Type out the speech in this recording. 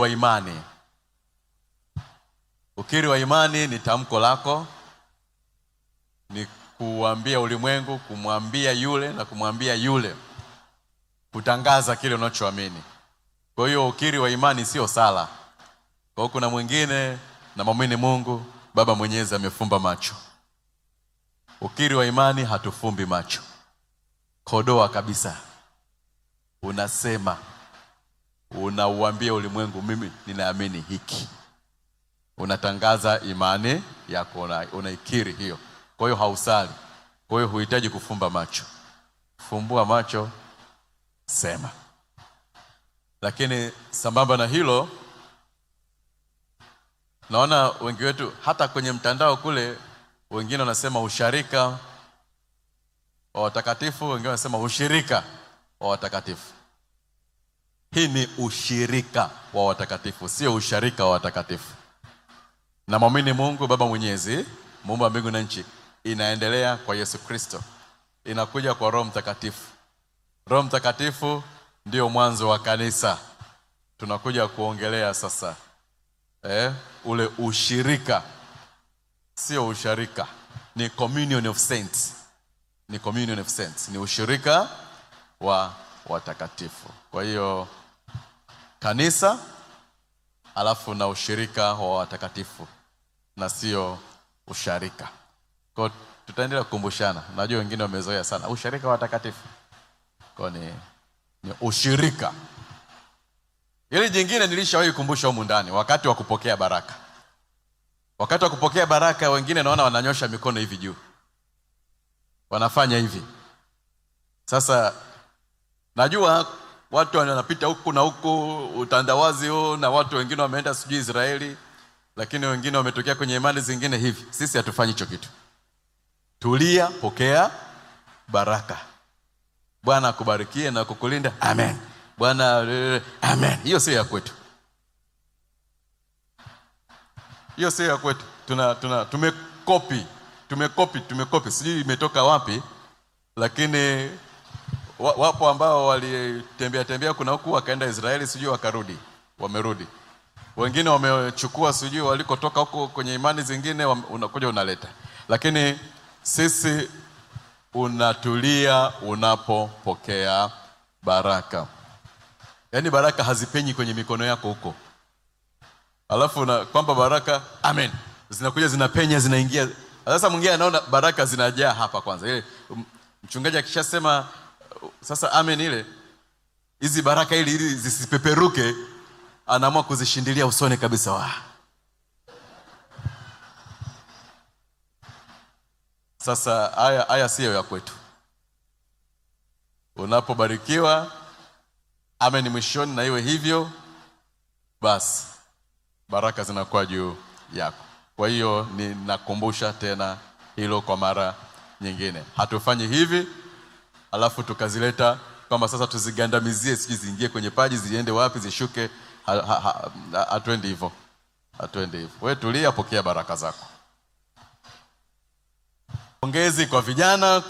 wa imani. Ukiri wa imani ni tamko lako, ni kuambia ulimwengu, kumwambia yule na kumwambia yule, kutangaza kile unachoamini. Kwa hiyo ukiri wa imani sio sala. Kwa hiyo kuna mwingine na mwamini Mungu Baba Mwenyezi amefumba macho. Ukiri wa imani hatufumbi macho, kodoa kabisa, unasema unauambia ulimwengu, mimi ninaamini hiki. Unatangaza imani yako, unaikiri hiyo. Kwa hiyo hausali, kwa hiyo huhitaji kufumba macho. Fumbua macho, sema. Lakini sambamba na hilo, naona wengi wetu hata kwenye mtandao kule, wengine wanasema usharika wa watakatifu, wengine wanasema ushirika wa watakatifu. Hii ni ushirika wa watakatifu, sio usharika wa watakatifu. Na mwamini Mungu Baba Mwenyezi, muumba wa mbingu na nchi, inaendelea kwa Yesu Kristo, inakuja kwa Roho Mtakatifu. Roho Mtakatifu ndio mwanzo wa kanisa. Tunakuja kuongelea sasa eh, ule ushirika, sio usharika, ni communion of saints, ni communion of saints, ni ushirika wa watakatifu. Kwa hiyo kanisa alafu na ushirika wa watakatifu na sio usharika. Kwa tutaendelea kukumbushana, najua wengine wamezoea sana usharika wa watakatifu, kwa ni, ni ushirika. ili jingine nilishawahi kukumbusha humu ndani wakati wa kupokea baraka. Wakati wa kupokea baraka, wengine naona wananyosha mikono hivi juu, wanafanya hivi. Sasa najua watu wanapita huku na huku, utandawazi huu na watu wengine wameenda sijui Israeli, lakini wengine wametokea kwenye imani zingine hivi. Sisi hatufanyi hicho kitu. Tulia, pokea baraka. Bwana akubarikie na kukulinda, amen. Bwana amen. Hiyo sio ya kwetu, hiyo sio ya kwetu. Tuna, tuna, tumekopi tumekopi tumekopi, sijui imetoka wapi, lakini wapo ambao walitembea tembea kuna huku wakaenda Israeli sijui wakarudi, wamerudi. Wengine wamechukua sijui walikotoka huko kwenye imani zingine, unakuja unaleta. Lakini sisi unatulia unapopokea baraka, yaani baraka hazipenyi kwenye mikono yako huko, alafu na kwamba baraka amen, zinakuja zinapenya, zinaingia. Sasa mwingine anaona baraka zinajaa hapa kwanza, mchungaji akishasema sasa amen ile hizi baraka ili ili zisipeperuke anaamua kuzishindilia usoni kabisa wa sasa haya haya siyo ya kwetu unapobarikiwa amen mwishoni na iwe hivyo basi baraka zinakuwa juu yako kwa hiyo ninakumbusha tena hilo kwa mara nyingine hatufanyi hivi alafu tukazileta kwamba sasa tuzigandamizie, sijui ziingie kwenye paji, ziende wapi, zishuke. Hatuendi hivyo, hatuendi hivyo. Wewe tulia, pokea baraka zako. Pongezi kwa vijana.